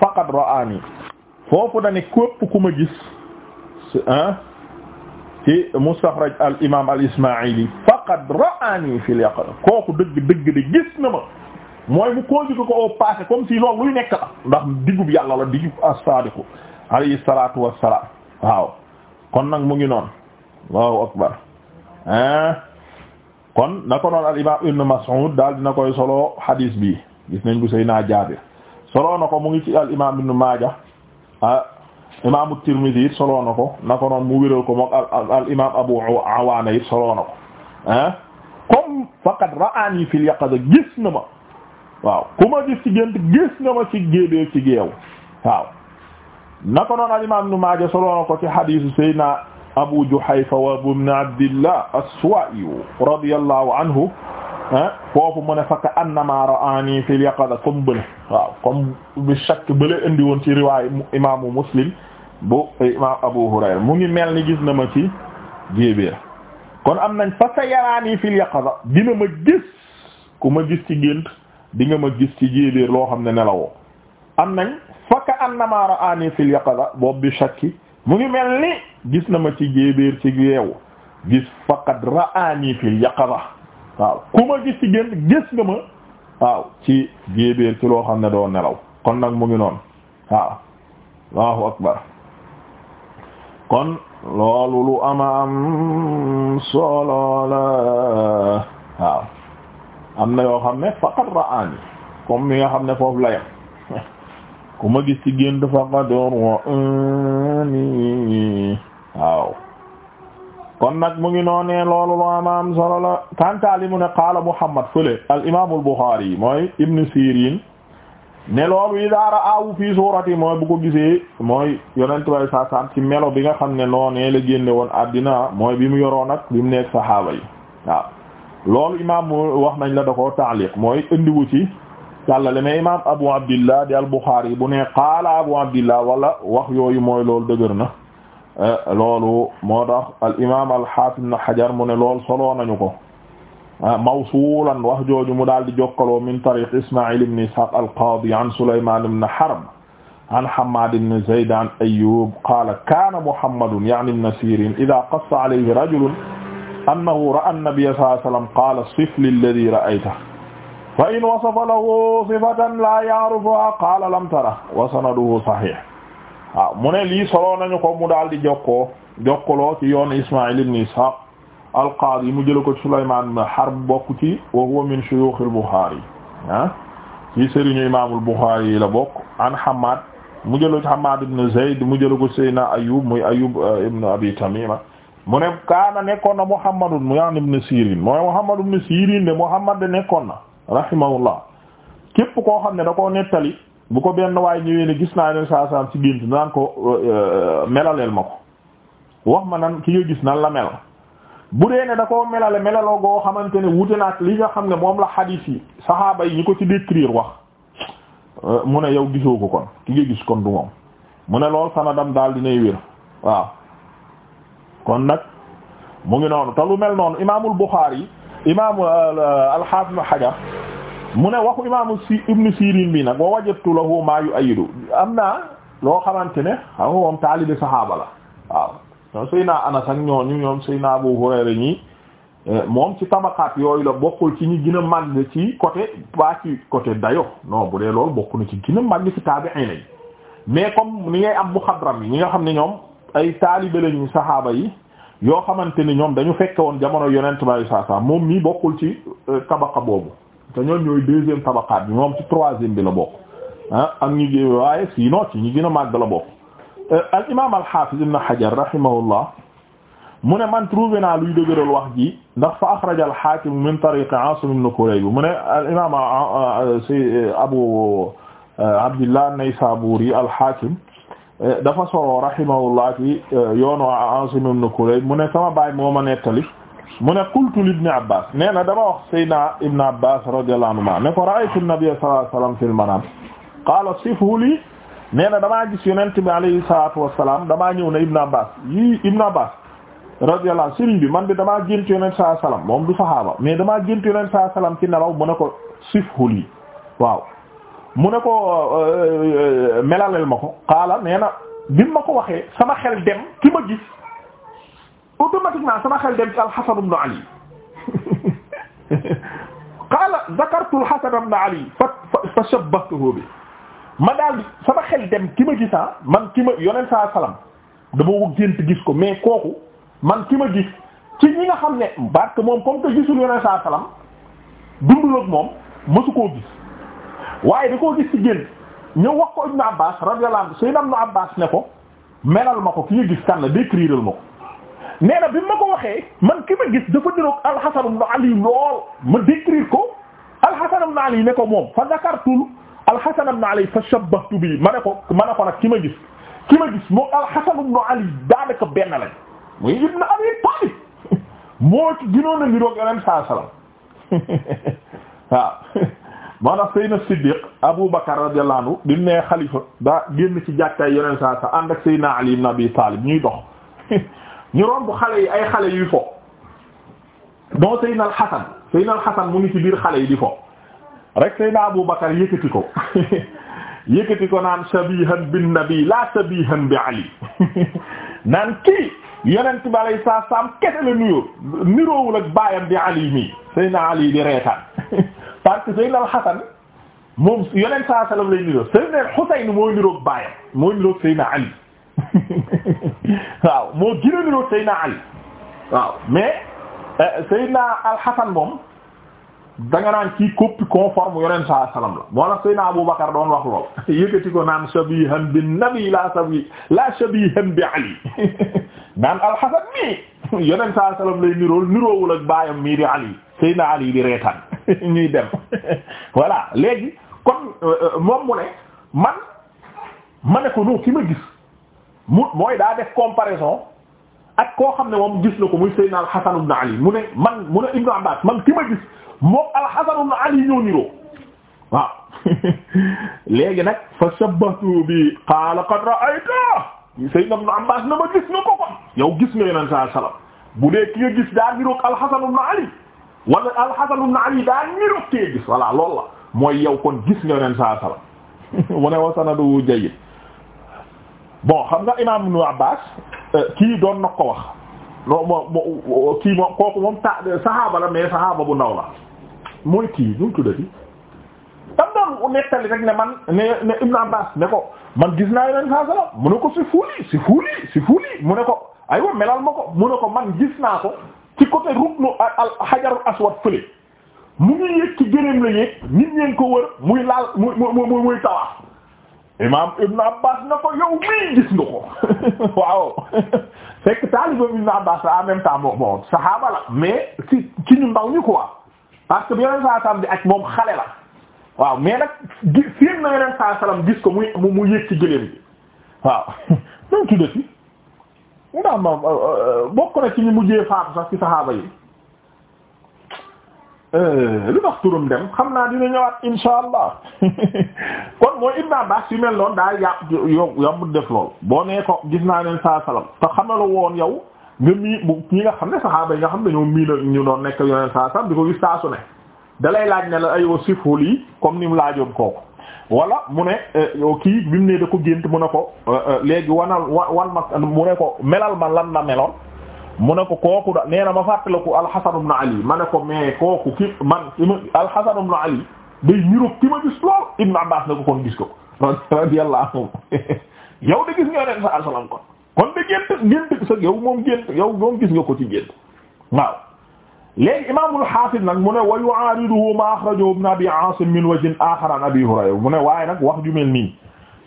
faqad ra'ani foofu dane képp ku ma gis ah ci mustaxraj al imam al ismaili faqad ra'ani fil yaqin kooku dëgg dëgg di gis na ma mooy mu conjugué ko au passé comme si loolu luy nekk la ndax digub yàlla la digub as-sadiqu alayhi salatu wassalam waaw kon nag mu ngi noonu allahu akbar ah kon na ko noon al imam ibn mas'ud daal dina koy solo hadis bi gis nañ bu sëy naa jaabir solo na ko mu ngi ci al imaam ibn Maaja ah imaamu Tirmidhi it solo na ko na ko noonu mu wéral ko moom al al imaam Abu Awaana it solo na ko ah comme faqad ra'aani fil yaqaza gis na ma waaw ku ma gis ci gént gis na ma ci géebee ci géew waaw na ko noonu al imaam ibn Maaja solo na ko ci hadiisu Seydina Abu Juhayfa wa ibn Abdillah as-Suwa'i radiyallahu anhu ah foofu mu ne fakka ra'ani fil yaqada comme bële waaw comme bi chaque bële indi woon imaamu muslim bu eh, imaam abu hurayra mu ngi mel ni gis na ma ci géebéer kon am nañ fa sa fi fil yaqada dina ma gis ku ma gis ci gént di nga ma gis ci géebéer loo xam ne nelaw am nañ fakka annama ra'ani fil yaqada boobu bi shakki mu ngi mel ni gis na ma ci géebéer ci yeewu gis faqad ra'ani fil yaqada waaw ku ma gis ci génn gis nga ma waaw ci géebéer ci loo xam ne doo nelaw kon nag mu ngi noonu waaw allahu akbar kon loolu lu ama am solo waaw am na yoo xam ne faqad ra'ani comme mi nga xam ne foofu la yam ku ma gis ci gént faqad ra'ani waaw kon nag mu ngi noonee loolu loo amaam solo la kantaali mu ne qaala Muhammad fële al imaam al Buxaari mooy Ibn Sirin ne loolu yi daara aawu fii suurati mooy bu ko gisee mooy yonent bay saa saam ci melo bi nga xam ne noonee la génne woon addina mooy bi mu yoroon ak bi mu nekk saxaaba yi waaw loolu imaam wax nañ la da koo mooy indiwu ci càllale mais imaam Abu Abdillah di al Buxaari bu ne qaala Abu Abdillah wala wax yooyu mooy loolu dëgër na. Eh, loolu moo tax al imaam al haafid ibn Hajar mu ne lool solo nañu ko eh, mawsuulan wax jooju mu daal di jokkaloo min tariq Isma'il ibn Ishaq al qaadi an Sulaymaan ibn Harb an Hammaad ibn Zayd an Ayyuub qaala kaana Muhammadun ya'ni ibn Siriin idaa qassa alayhi rajulun annahu ra'a an-nabiyya sallallaahu alayhi wa sallam qaala sif lilladhii ra'aytahu fa in wasafa lahu sifatan laa ya'rifuhaa qaala lam tarah wa sanaduhu sahiih waaw mu ne lii soloo nañu ko mu daal di jokkoo jokkaloo ci yoon Ismaïl ibn Ishaq al-Qadi mu jëla ko ci Sulaymaan ibn bokk ci wa huwa min shuyukh al-Bukhari ah ci sëriñu imaamul Bukhari yi la bokk an Hammad mu jëla ci Hammad ibn Zayd mu jëla ko Seyna Ayyub muy Ayyub euh, ibn Abi Tamima mu ne kaana nekkoon na Muhammadun mu yaan ibn Sirin mooy Muhammad ibn Sirin de Muhammad de nekkoon na rahimahullah képp koo xam ne da nettali bu ko benn waay ñëwee ne gis naa ne saa si ci gént naan ko euh, euh, melaleel ma ko wax ma nan ki nga gis nan la mel bu dee ne da koo melale melaloo goo xamante ne wute li nga xam ne moom la xadiis yi saxaaba yi ñi ko ci décrire wax euh, mu ne yow gisoo ko kon ki nga gis kon du moom mu ne lool sanadam daal dinay wér waaw kon nag mu ngi noonu te lu mel noonu imaamul Buxaari imaamul alxaafis Hajar mu ne waxu imaamu si ibnu Sirin bi nag wa wajadtu lahu maa yu ayidu am naa loo xamante ne xam nga moom taalibi saxaaba la waaw ñoom Seydina Anas ak ñooñu ñoom Seydina Abu Hurayra ñi eh, moom ci tabakaat yooyu la bokkul ci ñi gën a màgg ci côté pas ci côté dayo non bu dee loolu bokk ci gën a màgg ci taabi'iin yi mais comme ni ngay am bu xadram yi ñi nga xam ne ñoom ay taalibe lañu saxaaba yi yoo xamante ni ñoom dañu fekke woon jamono yonent bi sallallahu alayhi moom mii bokkul ci eh, tabaka boobu te ñoom ñooy tabaqaat bi moom ci bi la bokk ah am ñu waaye sinon ci ñi gën a màgg la bokk euh, al imam al hafiz hajar rahimahullah mu ne man trouvé naa luy dëgëral wax ji ndax fa axraja al hakim min tariq asim ibn kurayb mu ne al euh, euh, abu abdillah naysaburi al hakim dafa so rahimahullah ci yoonu asim ibn kurayb mu ne sama ma nettali mu ne qultu li ibni abbas nee na dama wax saydna ibne abbas radiyallahu anhuma ne ko ra'aytu nabiyya sallallahu alayhi wasallam fil manam qaala sifhu li nee na damaa gis yonent bi alayhi salatu wasalam damaa ñëw ne ibne abbas yi ibne abbas radiyallahu sëriñ bi man de damaa gént yonent sallallahu alayhi wasallam moom du sahaaba mais damaa gént yonent sallallahu alayhi wasallam ci nelaw mu ne ko sifhu li waaw mu ne ko euh, euh, euh, melalel ma ko qaala nee na bi ma ko waxee sama xel dem ki ma gis automatiquement sama xel dem ci al-Hasan ibn Ali qaala zakartu al-Hasan ibn Ali fa fa shabbahtuhu bi ma daal di sama xel dem ki ma gisaa ah, man ki ma yonent saa salaam dama wëg gént gis ko mais kooku man ki ma gis ci ñi nga xam ne parce que moom comme que gisul yonent saa salaam dundul moom mësu koo gis waaye da koo gis ci gént ñëw wax ko Ibn Abbas radiyallahu anhu Sayyidna Ibn ne ko melal ma ko ki ñu gis kan la ma ko nee na bi ma ko waxee man ki ma gis dafa niroog alxasan ibn ali ma décrire ko alxasan ibn ali ne ko moom fa zakartul alxasan ibn ali fa shabbahtu bi ma ne ko ma ne ko nag ki ma gis ki ma gis moom alxasan ibn ali daanaka benn lañ ibn abi talib moo ci gënoon a niroog yeneen saa salaam waaw maanaam Seydina Siddiq Abu Bakar radiyallahu anhu bi ci jàkkaay yeneen saa Ali ibn Abi Talib ñuy dox ñu bu xale yi ay xale yuy fo don Seydina Al Hasan Seydina mu ngi ci biir xale yi di fo rek Seydina Abu Bakar yëkkati ko yëkkati ko naan shabihan bin nabi la shabihan bi Ali naan kii yonent bi alay saa saam kese la nuyoo niroowul ak baayam di Ali mii Seydina Ali di reetaan parce que Seydina Al Hasan moom yonent saa sallam lay niroo Seydina Husayn mooy niroog baayam mooy niroog Seydina Ali waaw moo gën a niroog Seydina Ali waaw mais euh, Seydina Al-Hasan moom da nga naan kii copie conforme yoreen saa salaam la moo tax Seydina Abu Bakar doon wax lool yëkkati ko naan shabihan bi nabi la shabihan bi Ali naan Al-Hasan nii yoreen saa salaam lay nirool niroowul ak baayam mii di Ali Seydina Ali di reetaan ñuy dem voilà léegi kon euh, euh, moom mu ne man ma ko non ki ma gis. mu mooy daa def comparaison ak koo xam ne moom gis na ko muy Seydina al-Hasan ibn Ali mu ne man mu ne Ibn Abbas man ki ma gis moom al-Hasan ibn Ali ñoo niroo waaw léegi nag fa shabbatu bi qaala qad ra'ayta Seydina Ibn Abbas na ma gis na kon yow gis nga yeneen saa salaam bu dee ki nga gis daa niroog al-Hasan ibn Ali wala al-Hasan ibn Ali daa niroog kee gis voilà loolu mooy yow kon gis nga yeneen saa salaam mu ne wa sanaduhu jayyid bon xam nga imaam Ibn Abbas euh, kii doon na ko wax non moom kii moom kooku moom ta saxaaba la mais saxaaba bu ndaw la mooy kii ñu ngi tuddati. dam doon nettali rek ne man ne ne Ibn Abbas ne ko man gis naa yeneen saa salaam mu ne ko si fuuli si fuuli si fuuli mu ne ko aywa melal ma ko mu ne ko man gis naa ko ci côté ruknu al xajarul aswad fële mu ngi yéeg ci gëréem la nit ñeen ko wër muy laal muy muy muy tawaaf. imam Ibn Abbas na ko yow mii gis nga ko waaw fekk taalibam Ibn Abbas la en même temps moo bon saxaaba la mais ci ci ñu ndaw ñu quoi parce que bi yeneen saa sallam di ak moom xale la waaw mais nag gi séen na yeneen saa sallam gis ko muy mu yëg ci gëléem bi waaw ñoom tudde si mu daam ma euh, euh, bokk na ci ñu mujjee faatu sax ci saxaaba yi Eh, lu tax turam dem xam naa dina ñëwaat insha allah kon mooy Ibn Abbas yu mel noonu daa yàq yo yombut def lool boo nee ko gis naa leen saa salaam te xamala woon yow nga mii bu ñi nga xam ne saxaaba yi nga xam ne ñoo mii la ñu doon nekk yoneen saa salaam di ko gis saa su ne dalay laaj ne la aywa siful yi comme ni mu laajoon kooku wala mu ne eh, kii bi mu ne da ko gént mu ne ko eh, léegi wanal wa wan ma mu ne ko melal ma lan la meloon mu ne ko kooku da nee na la fàttaliku alxasan ibn ali ma ne ko mais kooku ki man alxasan ibn ali day niru ki ma gis lool ibn abbas ne ko kon gis ko radiyallahu anhu yow de gis nga sa asalam kon kon de gént gént sa yow moom gént yow moom gis nga ko ci gént waaw léegi imaamul xaafis nag mu ne wa yu'aariduhu ma axrajahu ibn abi aasim min wajhin aaxar abi hurayra mu ne waaye nag wax ju mel nii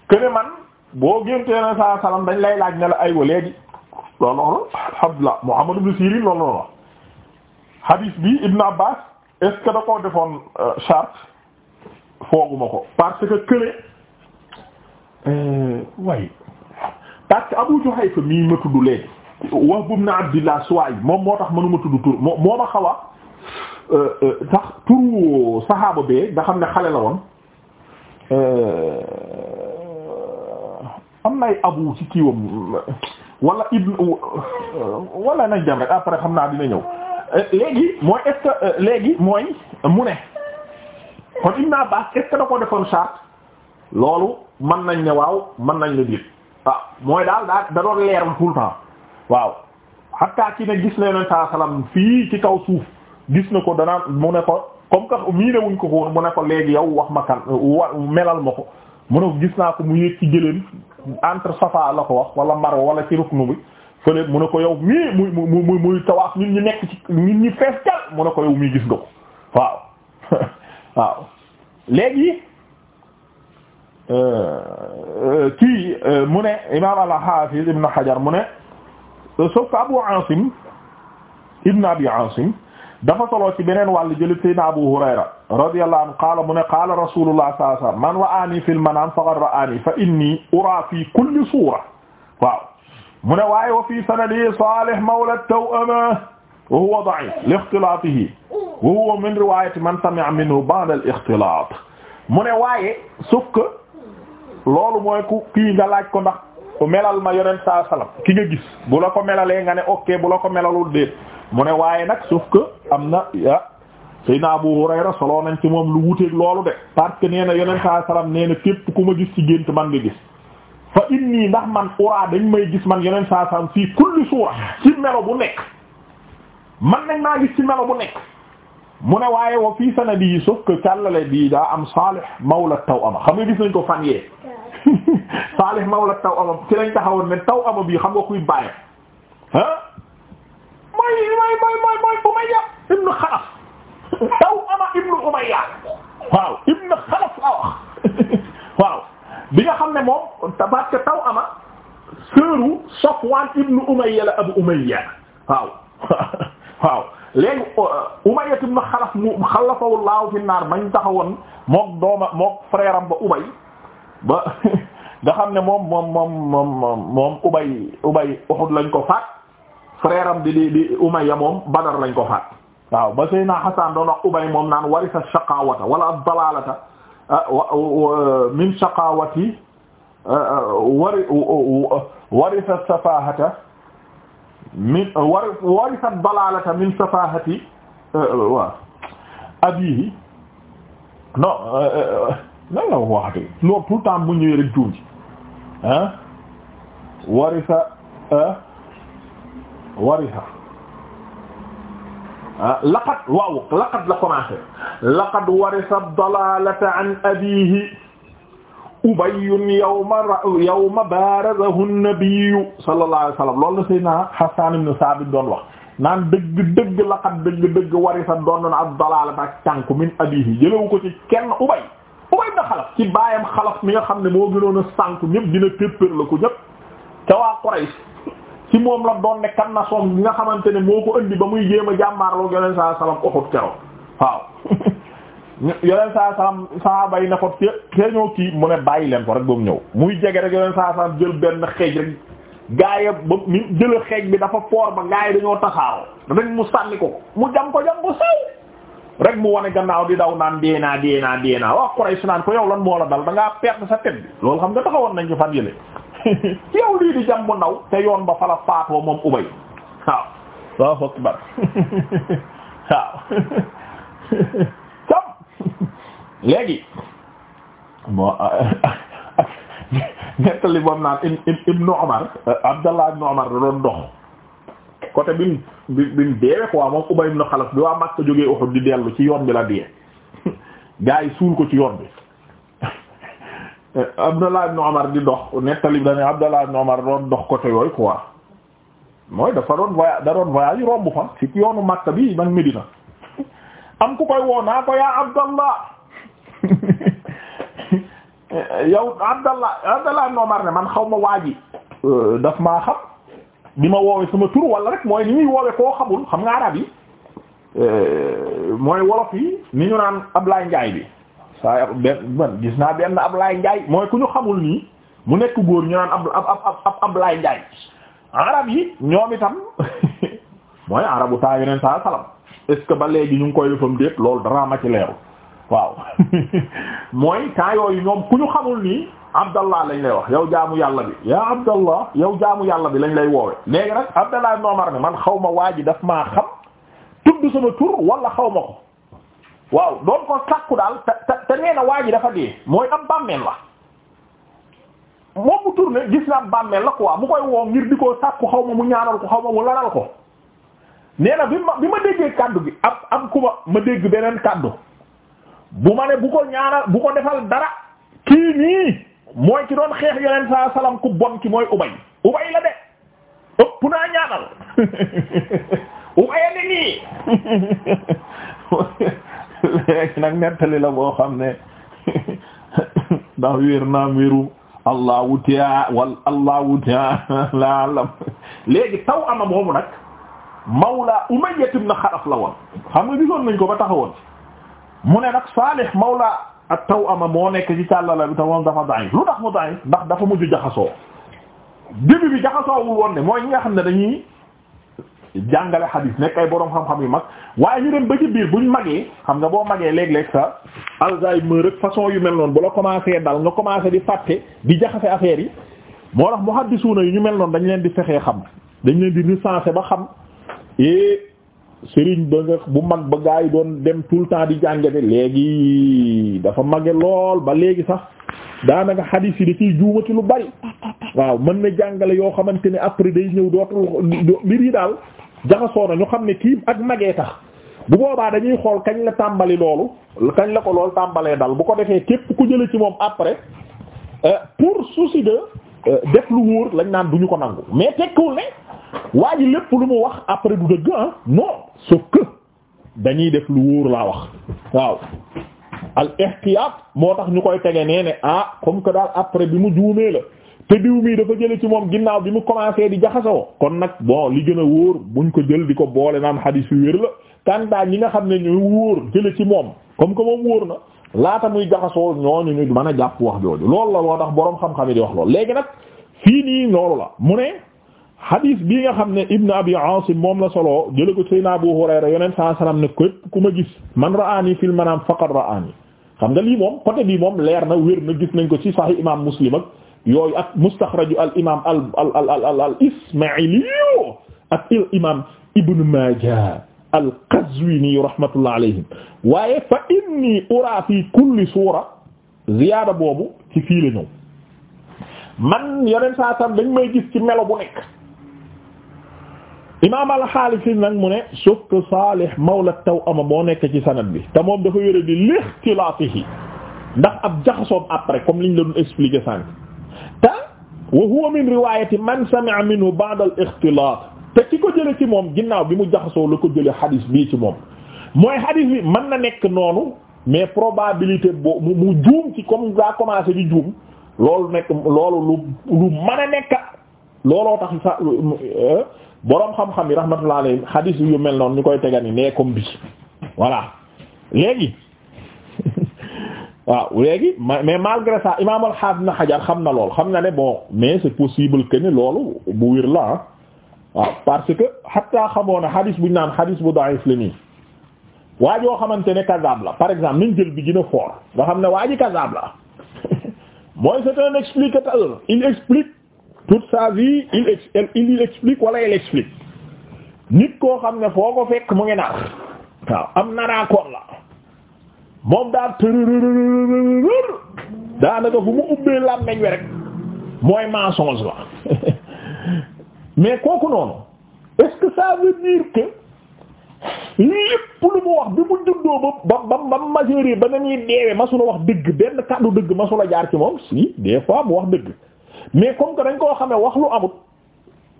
que ne man boo géntee sa asalam dañ lay laaj ne la aywa loolu noonu Abdullah Muhammad ibn Sirin loolu noonu hadith bi Ibn Abbas est-ce que da koo defoon euh, charte fooguma ko parce que kële euh, waaye parce que Abu Juhayfa mii ma tudd léegi Wahb ibn Abdillah Suwaay moom moo tax mënuma tudd tur moo moo ma xaw a tax euh, turu saxaaba bee nga xam ne xale la woon am na ay abu ci kiiwam wala ibn euh, wala nañ dem rek après xam naa dina ñëw euh, léegi mooy est euh, léegi mooy mu ne kon Ibn Abbas est-ce que ko defoon charte loolu mën nañ ne waaw mën nañ ne diit ah, mooy daal daa da doon leeral tout temps waaw xatta ci ne gis na ne saa fii ci kaw suuf gis na ko danaan mu ne ko comme que mii ne wuñ ko ko mu ne ko léegi yow wax ma kan melal ma ko mu ne gis naa ko mu yéeg ci gëléem entre Safa la ko wax wala Marwa wala ci ruknu bi fële mu ne ko yow mii muy muy muy muy tawaaf ñun ñu nekk ci ñun ñu fees jal mu ne ko yow mii gis nga ko euh, euh, kii euh, mu ne imaam ibn Hajar mu ne sauf Abu Asim ibn Abi Asim dafa solo ci beneen wàll jële saydna Abu Hurayra radiyallahu anhu qaala mu ne qaala rasulullah sallallahu alayhi wasallam man ra'aani fil manaam faqad ra'aani fa inni uraa fi kulli suura waaw mu ne waaye wa fi sanadi Salih mawla taw'ama wa huwa da'if li ixtilaatihi wa huwa min riwaayati man sami'a minhu ba'da al-ixtilaat mu ne waaye sauf que loolu mooy ku kii nga laaj ko ndax melal ma yonent sallallahu alayhi wasallam ki nga gis bu la ko melalee nga ne ok bu la ko melalul déet mu ne waaye nag sauf que am na ah Seydina Abu Hurayra soloo nañ ci moom lu wuteeg loolu de parce que nee na yonent saa salaam na képp ku ma gis ci gént man nga gis fa inni ndax man uraa dañ may gis man yeneen saa fii kulli suura ci melo bu nekk man nañ maa gis ci melo bu nekk mu ne waaye wa fii sanadi yi sauf que càllale bii daa am Salih mawla taw ama xam nga gis nañ ko fan yee Salih mawla taw ama ci lañ taxawoon ne taw ama bii xam nga kuy mooy mooy mooy mooy mooy Umayya ibn Xalaf taw ama ibn Umayya waaw ibn Xalaf la wax waaw bi nga xam ne moom parce que taw ama seeru Safwan ibn Umayya la Abu Umayya waaw waaw léegi euh, Umayya ibn Xalaf mu xalafahu Allahu fi naar mañ taxawoon mook dooma mook frère am ba Ubay ba nga xam ne moom moom moom moom moom Ubay Ubay Uhud lañ ko faat frère am di di di Umayya moom Badar lañ ko faat waaw ba Seydina Hasan doon wax Ubay ah, min shaqawati ah, ah, wari warisa safahata min warisa abihi non nan tout le temps bu ñëwee rek juum warisa ah, laqad waaw laqad la commencé laqad warisa dalalata an abihi ubayyun yawma yawma baarazahu nabiyyu sallallahu alayhi wa sallam loolu la Seydina Hassan ibn Sabit doon wax naan dëgg dëgg laqad dëgg dëgg warisa doon na ak dalalata ak tànku min abihi jëlewu ko ci kenn ubay ubay na xalaf ci baayam xalaf mi nga xam ne moo gënoon a sànku ñëpp dina téppéer la ko ñëpp ca waa Quraysh ci moom la doon ne kan na bi nga xamante ne moo ko indi ba muy jéem a jàmmaarloog yoneen saa salaam oxut keroog waaw yoneen saa salaam saaba yi ne ko te ñoo kii mu ne bàyyi leen ko rek ba mu ñëw muy jege rek yoneen saa salaam jël benn xeej rek gaaya ba mi jël xeej bi dafa poor ba gaay dañoo tasaaroo rek mu sànni ko mu jam ko jam ko saw rek mu wane gannaaw di daw naan déenaa déenaa déenaa wax Quraysh naan ko yow lan moo la dal da sa tête xam nga taxawoon nañ ci fan yële ci yow lii di jàmbu ndaw te yoon ba fala faatoo moom ubay waaw waaw fokk bar waaw sam léegi bon nettali boobu naan ibnu bi mu bi mu deewee Ubay ibnu Xalaf bi waa Makka jógee Uhud di dellu ci yoon bi la dee gaa yi suul ko ci yoon bi Eh, Abdallah ibn Umar di dox nettali bi dañuy Abdallah ibn Umar doon dox côté yooyu quoi mooy dafa doon voyage da doon voyage romb fa yoonu Makka bi man Medina am ku koy woo naa ko yaa Abdallah yow Abdallah Abdallah ibn Umar ne man xaw ma waaji euh, daf maa xam bi ma woowe sama tur wala rek mooy ni ñuy woowe koo xamul xam nga rab yi euh, mooy wolof yi ni ñu naan Ablaye Njaay bi saa benn gis naa benn Ablaye Ndiaye mooy ku ñu xamul nii mu nekk góor ñu naan ab ab ab Ablaye Ndiaye arab yi ñoom itam mooy arabu taa yeneen saa salam est que ba léegi ñu ngi koy defam déet loolu dara ma ci leeru waaw mooy temps yooyu ñoom ku ñu xamul nii abdallah lañ lay wax yow jaamu yàlla bi yaa abdallah yow jaamu yàlla bi lañ lay woowe léegi nag abdallah ibn ne man xaw ma waa ji dafa maa xam tudd sama tur wala xaw ma ko waaw doon ko sakku daal te te te nee waa ji dafa dee mooy am bàmmeel la moom mu tourné gis na am bàmmeel la quoi mu koy woo ngir di ko sakku xaw ma mu ñaanal ko xaw ma mu laral ko nee na bi ma bi ma déggee kaddu gi am am ku ma ma dégg beneen kàddu bu ma ne bu ko ñaanal bu ko defal dara kii nii mooy ki doon xeex yeneen saa salaam ku bon ki mooy ubay ubay la de ëpp naa ñaanal ubay a nii léegi nag nettali la boo xam ne ndax wéer naam wéeru allahu taa wal allahu taa alam léegi taw ama moomu nag mawla Umayya na Xalaf la woon xam nga gisoon nañ ko ba taxawoon mu ne nag Salih mawla ak taw ama moo nekk ci càllala bi te moom dafa da'if lu tax mu da'if ndax dafa mujj jaxasoo début bi jaxasoowul woon ne mooy ñi nga xam ne dañuy jàngale xadiis nekk ay boroom xam-xam yu mag waaye ñu dem ba ci biir buñ magee xam nga boo magee léeg-léeg sa Alzheimer rek façon yu mel noonu bu la commencé dal nga commencé di fàtte di jaxase affaire yi moo tax muhaddisuuna yu ñu mel noonu dañu leen di fexee xam dañ leen di recenser ba xam e sëriñ ba bu mag ba gaa yi doon dem tout le temps di jàngate léegi dafa mage lool ba léegi sax daanaka xadiis yi da juumati lu bari waaw mën na jàngale yoo xamante ne après day ñëw dootul mbir daal jaxasoo a ñu xam ne kii ak magee tax bu boobaa dañuy xool kañ la tàmbali loolu kañ la ko lool tàmbalee dal bu ko defee képp ku jële ci moom après euh, pour souci de euh, def lu wóor lañ naan duñu ko nangu mais tekkiwul ne waa ji lépp lu mu wax après du dëgg ah non sauf que dañuy def lu wóor laa wax waaw al ihtiyat moo tax ñu koy tege nee ne ah comme que daal après bi mu juumee la te diw mii dafa jële ci moom ginnaaw bi mu commencé di jaxasoo kon nag bon li gën a wóor buñ ko jël di ko boole naan xadiis yu wér la kandaa ñi nga xam ne ñu wóor jële ci moom comme que moom wóor na laata muy jaxasoo ñooñu ñu mën a jàpp wax jooju lool la loo tax boroom xam-xam yi di wax loolu léegi nag fii nii loolu la mu ne xadiis bii nga xam ne ibn abi asim moom la solo jële ko sayna abu hurayra yonent saa salaam ne képp ku ma gis man ra'aani fil manaam faqad ra'aani xam nga lii moom côté bii moom leer na wér na gis nañ ko ci sahih imam muslim ak yooyu ak mustaxraju al imaam al al al al ismaa'ili ak al imaam Ibn Maaja al waaye fa inni ura fi kulli suura ziyaada boobu ci fii la man yeneen saa tam dañ may gis ci melo bu nekk. imaam al-Xaalisi nag mu ne sauf que Saalih mawla tawama boo nekk ci sanad bi te moom dafa yore di lixtilaafihi ndax ab jaxasoom après comme liñ la doon expliquer sànq. te wa huwa min riwaayati man sami'a minhu ba'da al-ixtilaat te ki ko jële ci moom ginnaaw bi mu jaxasoo la ko jële xadis bii ci moom mooy xadis man mën na nekk noonu mais probabilité bo mu juum ci comme daa commencé di juum loolu nekk loolu lu lu a nekk looloo tax sa euh, boroom xam-xam yi rahmatullahi alayhi xadis yu mel noonu ñu koy tegani ne comme bi voilà léegi waaw léegi mais malgré ça imaam al na xajar xam na lool xam na ne bon mais c'est possible que ne loolu bu wér la ah. waaw parce que xataa xamoon na xadis bu ñu naan xadis bu da'if la nii waa joo xamante ne kazaab la par exemple nañ jël bi gën a fort nga xam ne waa ji kazaab la mooy c'est un explicateur il explique toute sa vie il explique wala il explique nit koo xam ne foo ko fekk mu ngi nar waaw am naraakoon la. moom daal tërërërërër daanaka fu mu ubbee làmmeñ we rek mooy mensonge la mais kooku noonu est-ce que ça veut dire lépp lu mu wax bi mu juddoo ba ba ba majeur ba na ñuy deewee masula wax dëgg benn kàddu dëgg masula jaar ci moom si des mu wax dëgg mais comme que dañ koo xamee wax lu amut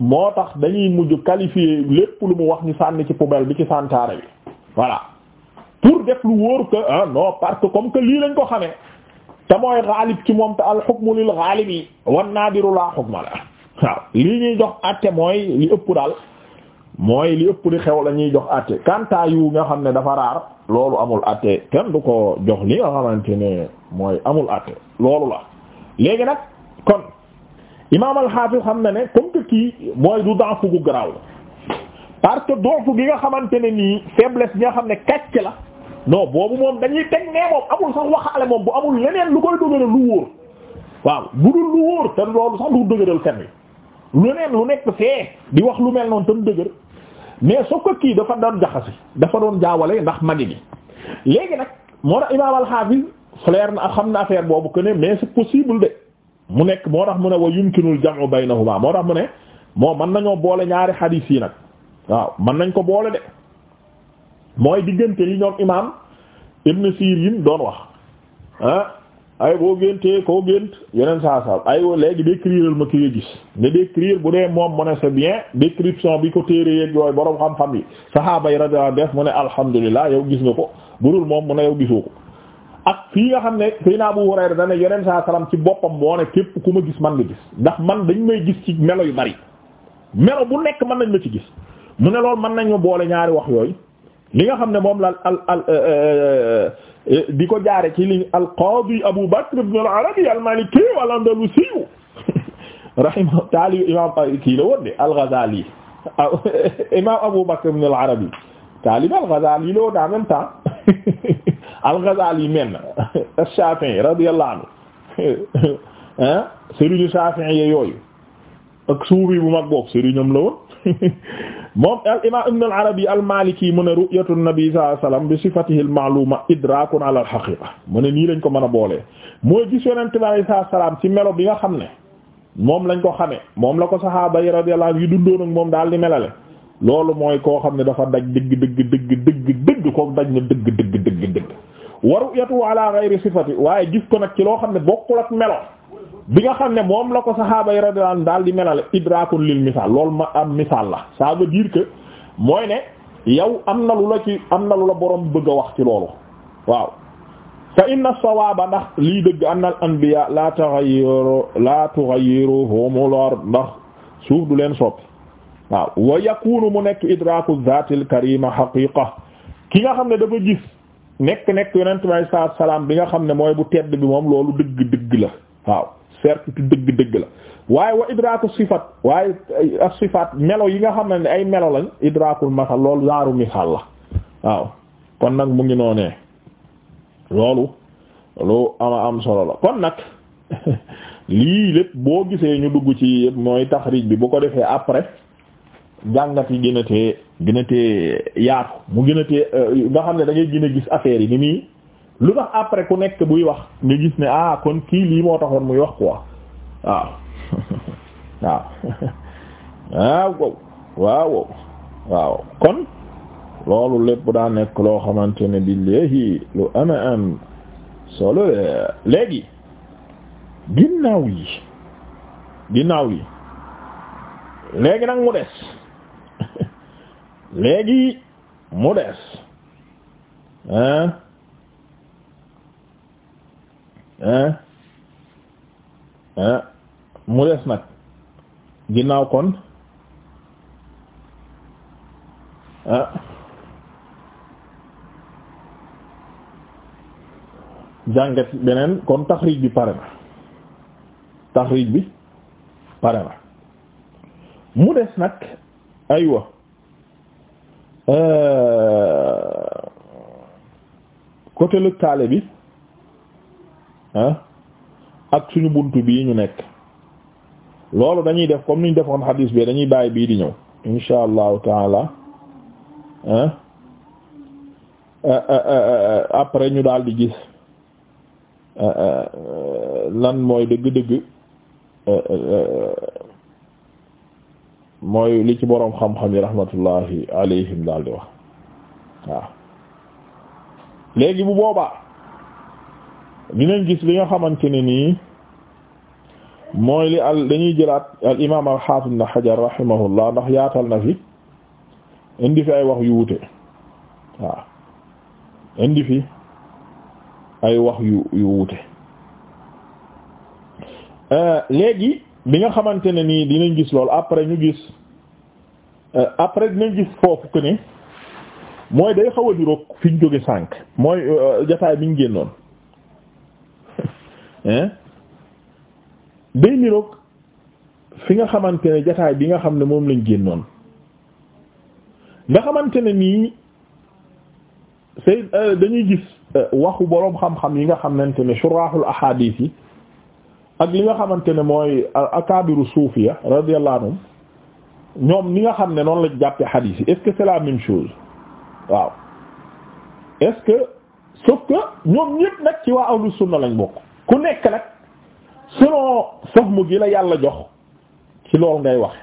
moo tax dañuy mujj qualifier lépp lu mu wax ñu sànni ci poubelle bi ci santaare bi voilà pour def lu wóor que ah parce que comme que lii lañ ko xame te mooy xaalib ci moom te alxukmu lil xaalib yi wan naadiru laa xukma la waaw lii ñuy jox àtte mooy li ëpp daal mooy li ëpp di xew la ñuy jox àtte kanta yu nga xam ne dafa raar loolu amul àtte kenn du ko jox li nga xamante ne mooy amul àtte loolu la léegi nag kon imaam al-Hafiz xam na ne comme que kii mooy du daafu gu garaaw parce que doofu gi nga xamante ne nii faiblesse bi nga xam ne kàcc la non boobu moom dañuy teg nee moom amul sax waxaale moom bu amul leneen lu koy dëgëral lu wóor waaw bu dul lu wóor te loolu sax du dëgëral fenn leneen lu nekk fee di wax lu mel noonu tam dëgër mais soo ko kii dafa doon jaxasi dafa doon jaawale ndax magi gi léegi nag moo tax imaam al-Hafiz flair na xam na affaire boobu que ne mais c'est possible de mu nekk moo tax mu ne wa yumkinul jam'u baynahuma moo tax mu ne moo mën nañoo boole ñaari hadith yi nag waaw mën nañ ko boole mooy diggante yi ñoom imaam ibn Sirin doon wax ah ay boo géntee koo gént yeneen saa saa ay wa léegi décriral ma ki gis ne décrire bu dee moom mu ne c'est bien description bi ko téere yeeg yooyu boroom xam-xam yi saxaaba yi radiyallahu def mu ne alhamdulilah yow gis nga ko burul moom mu ne yow gisoo ko ak fii nga xam ne fii na Abu Hurayra dana yeneen saa salaam ci boppam moo ne képp ku ma gis man nga gis ndax man dañ may gis ci melo yu bari melo bu nekk mën nañ ma ci gis mu ne loolu mën nañu boole ñaari wax yooyu li nga xam ne moom la al al euh, euh, euh, di ko jaare ci li al qadi Abu Bakr ibn al Arabi al Maliki wal Andalusi rahimahu taali imam kii la woon de al Ghazali imam Abu Bakr ibn al Arabi taalibi al Ghazali la woon en même al Ghazali men Shafi'i radiyallahu anhu sëriñu Shafi'i yooyu ak suufi bu mag boobu sëriñam la woon moom al imam ibn al yi al maliki mu ne ru'yatu nabi sallallahu alayhi wasallam bi sifatihi al ma'luma idrakun ala al haqiqa mu ne nii lañ ko mën a boolee mooy gis yonent bi alayhi salaam ci melo bi nga xam ne moom lañ ko xamee moom la ko sahaaba yi radiyallahu anhu yu dundoon ak moom daal di melale loolu mooy koo xam ne dafa daj dëgg dëgg dëgg dëgg dëgg ko daj na dëgg dëgg dëgg dëgg wa ru'yatu ala waaye gis ko nag ci loo xam ne bokkul ak melo bi nga xam ne moom la ko saxaaba yi radiyallahu daal di melale idrakun lil misaal loolu ma am misaal la ça veut dire mooy ne yow am na lu la ci am na lu la borom bëgg a wax ci loolu waaw fa inna sawaaba ndax lii dëgg anna al anbiya la tughayyiru la tughayyiruhumul ard ndax suuf du leen soppi waaw wa yakunu mu nekk idraku zatil karima haqiqa ki nga xam ne dafa gis nekk nekk yonent salaam bi nga xam ne mooy bu tedd bi moom loolu dëgg dëgg la waaw certitude dëgg-dëgg la waaye wa idraku waaye ak sifat melo yi nga xam ne ay melo lañ idrakul masal loolu yaaru misaal la waaw kon nag mu ngi noonee loolu lu ama am solo la kon nag lii lépp boo gisee ñu dugg ci yëpp mooy taxriij bi bu ko defee après jàngat yi gën a tee gën a tee yaatu mu gën a euh, nga xam ne da ngay gën a gis affaire yi ni muy lu tax après ku nekk buy wax nga gis ne ah kon kii lii moo taxoon muy wax quoi waaw waaw waaw waaw waaw kon loolu lépp daa nekk loo xamante ne bi léegi lu ama am solo léegi ginnaaw yi ginnaaw yi léegi nag mu des léegi mu des hein mu des nag ginnaaw kon jàngat beneen kon taxrij bi pare na taxrij bi pare na mu des nag aywa euh, côté lëkkaale bi ak suñu buntu bii ñu nekk loolu dañuy def comme niñ defoon xadiis bi dañuy bàyyi bii di ñëw insha allahu taala ah après ñu daal di gis lan mooy dëgg-dëgg mooy li ci boroom xam-xam yi rahmatullahi alayhim daal di wax waaw léegi bu boobaa dinañ gis li nga xamante ne nii mooy li al dañuy jëlaat al imaam al xaafid ibn Hajar rahimahullah ndax yaatal na fi indi fi ay wax yu wute waaw indi fi ay wax yu yu wute euh, léegi bi nga xamante ne nii dinañ gis lool après ñu gis euh, après dinañ gis foofu que ne mooy day xaw a juróog fi ñu jóge sànk mooy euh, jataay bi ñu génnoon. day niroog fi nga xamante ne jataay bi nga xam ne moom lañ génnoon nga xamante ne nii say euh, dañuy gis euh, waxu boroom xam-xam yi nga xamante ne shurahul ahadith yi ak li nga xamante ne mooy akabiru suufiya radiyallahu anhum ñoom ni nga xam ne noonu lañ jàppe hadith yi que c'est la même chose waaw est que sauf que ñoom ñépp nag ci waa ahlu sunna lañ bokk ku nekk nag selon fahmu gi la yàlla jox ci lool ngay wax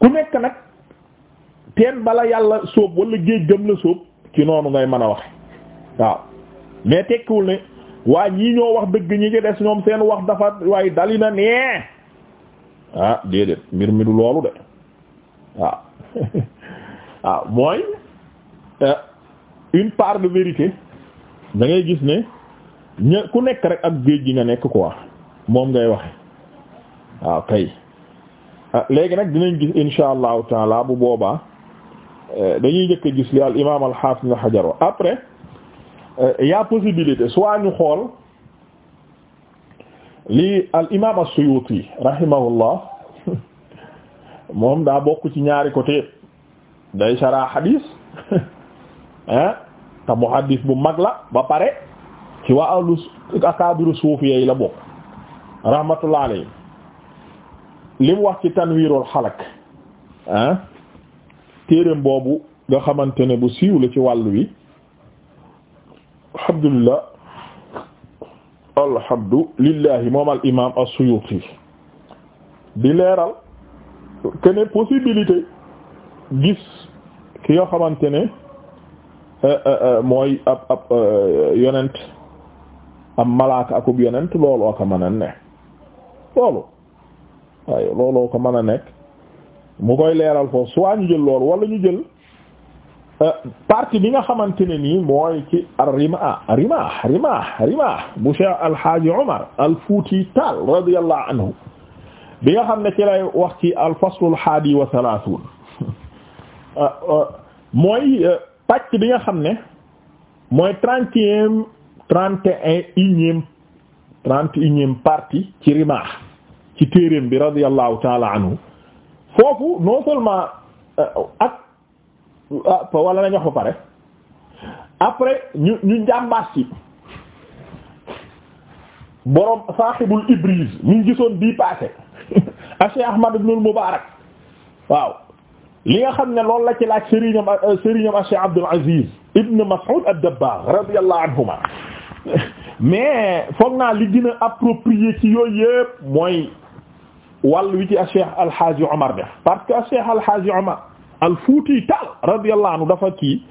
ku nekk nag teen bala yàlla sóob wala géej gëm la sóob ci noonu ngay mën a wax waaw mais tekkiwul ne waa ñii ñoo wax dëgg ñi ci des ñoom seen wax dafa waaye dali na nee ah déedéet mbir mi du loolu de waaw waaw mooy euh, une part de vérité da gis ne ña ku nekk rek ak géej gi nga nekk ko quoi moom ngay waxe waaw kay ah léegi nag dinañ gis insha allahu taala bu boobaa eh, dañuy jëkk gis li al imaam al hafiz ibn hajar wa après eh, y'a possibilité soit ñu xool li al imaam as-suyuti rahimahullah moom daa bokk ci ñaari côté day sara hadis ah eh, te muhaddis bu mag la ba pare ci waa ahlu akaabiru suufi yi la bokk rahmatullah alayhi lim wax ci tanwiirul xalak ah téereem boobu nga xamante ne bu siiw la ci wàll wi alhamdulillah alhamdulillahi moom al imaam as-Suyuuti di leeral que ne possibilité gis ki nga xamante ne eh, eh, eh, mooy ab ab yonent am malaat akub yonent looloo ko mën a ne loolu waaye looloo ko mën a nekk mu koy leeral foofu soit ñu jël loolu wala ñu jël euh, partie bi nga xamante ne nii mooy ci arrima rima rima rima bu Cheikh alhaaji Omar al Fuuti Taal radiyallahu anhu bi nga xam ne ci lay wax ci al faslul haadi wa salaasuun euh, euh, mooy pàcc bi nga xam ne mooy trentième trente et unième trente et unième partie ci Rimah ci téereem bi radiyallahu taala anhu foofu non seulement euh, ah, wala nañ wax ba pare après ñu ñu njàmbaas ci borom sahibul Ibriz ñu gisoon bii passé Cheikh Ahmad ibnul Mubarak waaw li nga xam ne loolu la ci laaj sëriñam euh, sëriñam Cheikh Abdul Aziz ibn Mas'ud ad-Dabbagh radiyallahu anhuma mais foog naa li gën a approprié ci yooyu yëpp mooy wàll wi ci a Cheikh Alhaji Omar def parce que a Cheikh Alhaji Omar al Fuuti Taal radiyallahu anhu dafa ci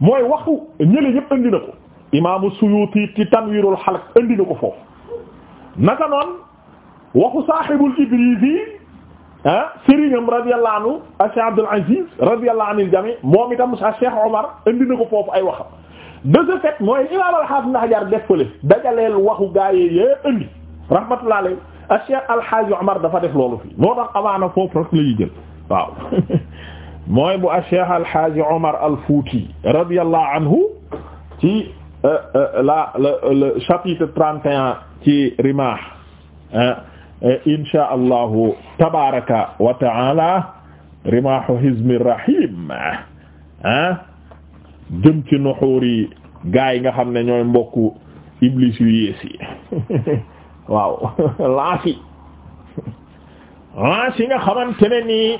mooy waxu ñële ñëpp andi na ko imaamu Suyuti ci Tanwiirul Halaq andi ko foofu naka noonu waxu saaxibul Ibrizi ah sëriñam radiyallahu anhu a Cheikh Abdul Aziz radiyallahu anil jami moom itam a Cheikh Omar andi na ko foofu ay waxam de ce fait mooy imaam alxaafis na Hajar def fële dajaleel waxu gaa yi yee indi rahmatullahi alayhi a Cheikh Alxaaji Omar dafa def loolu fii moo tax amaana foofu rek la ñuy jël waaw mooy bu a Cheikh Alxaaji Omar al-Fuuti radiyallahu anhu ci euh, euh, la le chapitre trente et un ci Rimaah insha allahu tabaaraka wa ta'ala Rimaahu Hizbir Rahiim ah jëm ci nuxuur yi gaa nga xam ne ñooy mbokku iblis yu yées yi waaw laas yi nga xamante ne nii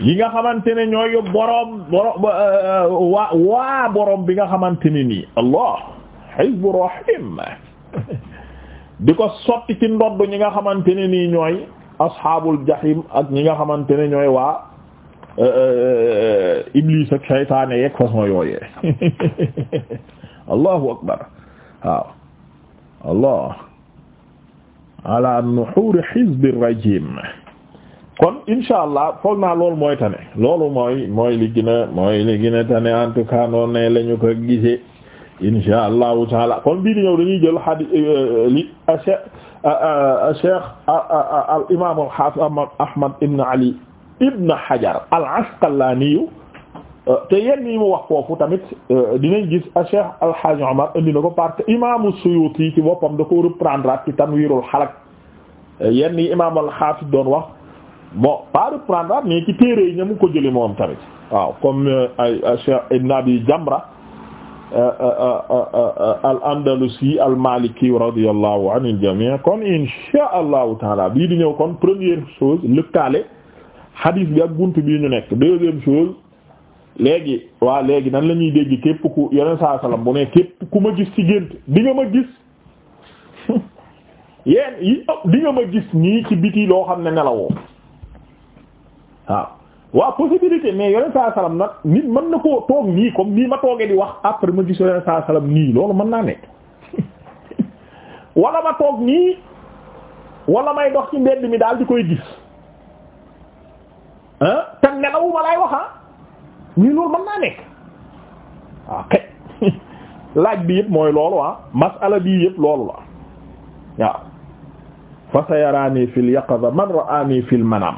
yi nga xamante ne ñooy boroom boroom euh, waa waa boroom bi nga xamante ne nii allah hizbu rahim di ko sotti ci ndodd ñi nga xamante ne nii ñooy ashaabul jahim ak ñi nga xamante ne ñooy waa Euh, euh, euh, iblis ak saytaane yeeg façon yooyee allahu akbar waaw allah ala nuhur hizb rajim kon insha allah foog naa loolu mooy tane loolu mooy mooy li gën a mooy li gën a tane en tout cas noonu ne la ñu ko gisee insha allahu taala kon bii di ñëw dañuy jël hadith li cheikh cheikh al imam al hafiz ahmad ibn ali Ibn Hajar al-Asqalani euh, te yenn wax foofu tamit euh, dinañ gis ah, Cheikh Al-Hajj Omar indi na ko parce que imaamu Suyuti ci boppam da ko reprendre ci Tanwirul Halak yenn yi al-Hafiz doon wax bon pas reprendre mais ci mu ko jëlee moom tamit waaw euh, ah, Abi Jamra al-Andalusi al-Maliki radiyallahu anil jami' kon insha allahu taala bii di ñëw kon première chose lëkkaale hadith bi ak bunt bii ñu nekk deuxième chose léegi waa léegi nan la ñuy dégg képp ku yeneen saa salaam bu ne képp ku ma gis ci gént di nga ma gis yéen yi oh, di ma gis nii ci biti loo xam ne nelawoo waaw waaw possibilité mais yeneen saa salaam nag nit mën na koo toog nii comme nii ma toogee di wax après ma gis yeneen saa salaam nii loolu mën naa nekk wala ma toog nii wala may dox ci mbedd mi daal di koy gis. te nelawuma laay wax ah nii loolu mën naa nekk waaw ah, kay laaj bi yëpp mooy loolu ah masala bi yëpp loolu la waaw fa sayaraani fil man raani fil manam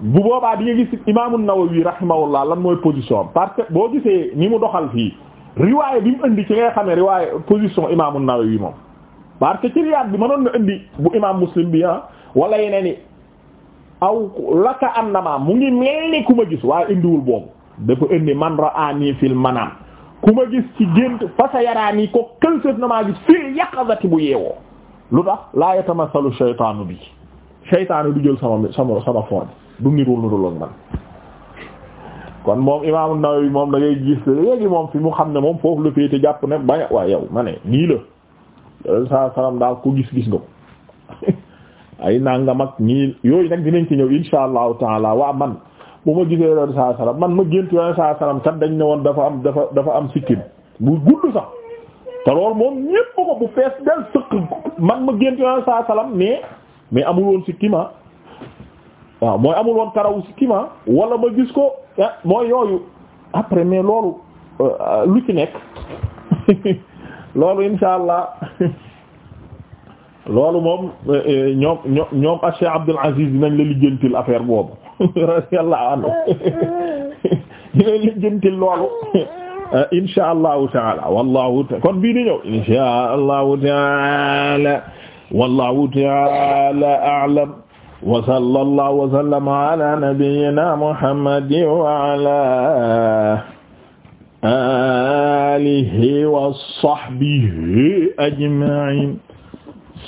bu boobaa di nga gis imaamu Nawawi rahimahullah lan mooy position parce que boo gisee ni mu doxal fii riwaay bi mu indi ci ngay xamee riwaay position imaamu Nawawi moom parce que ci riwaay bi mënoon na indi bu imaam Muslim bi ah wala yeneen i aw laka annama mu ngi mel ni ku ma gis waaye indiwul boobu dafa indi man ra'ani fil manam ku ma gis ci gént fasa yaraani ko këlsëf na maa gis fil yaqazati bu yeewoo lu tax laa yatamasalu shaytaanu bi shaytaanu du jël sama sama sama forme du nirul nirul ak man kon moom imaamu Nawawi moom da gis léegi moom fi mu xam ne moom foofu la féete jàpp ne ba waa yow ma ne nii la saa salaam daal ku gis gis nga ko ay nangam ak ñii yooyu nag dinañ ci ñëw insha allahu taala waa man bu ma gisee yoon saa salaam man ma gént yoon saa salaam kat dañ ne woon dafa am dafa dafa am sikkim bu gudd sax te loolu moom ñépp ko bu fees del sëq man ma gént yoon saa salaam mais mais amul woon sikkim ah. waaw mooy amul woon karawu sikkim ah, walla ma gis ko ah, mooy yooyu après mais loolu euh, lu ci nekk loolu insha allah loolu moom eh, eh, ñoom ñoom ñoom Cheikh Abdul Aziz dinañ la lijjantil affaire boobu radiyallahu anhu dinañ lijjantil loolu eh, insha allahu taala wallahu kon bii di ñëw insha allahu taala wallahu taala a'lam wa sallallahu wa sallama ala nabiyyina muhammadin wa ala alihi wa sahbihi ajma'in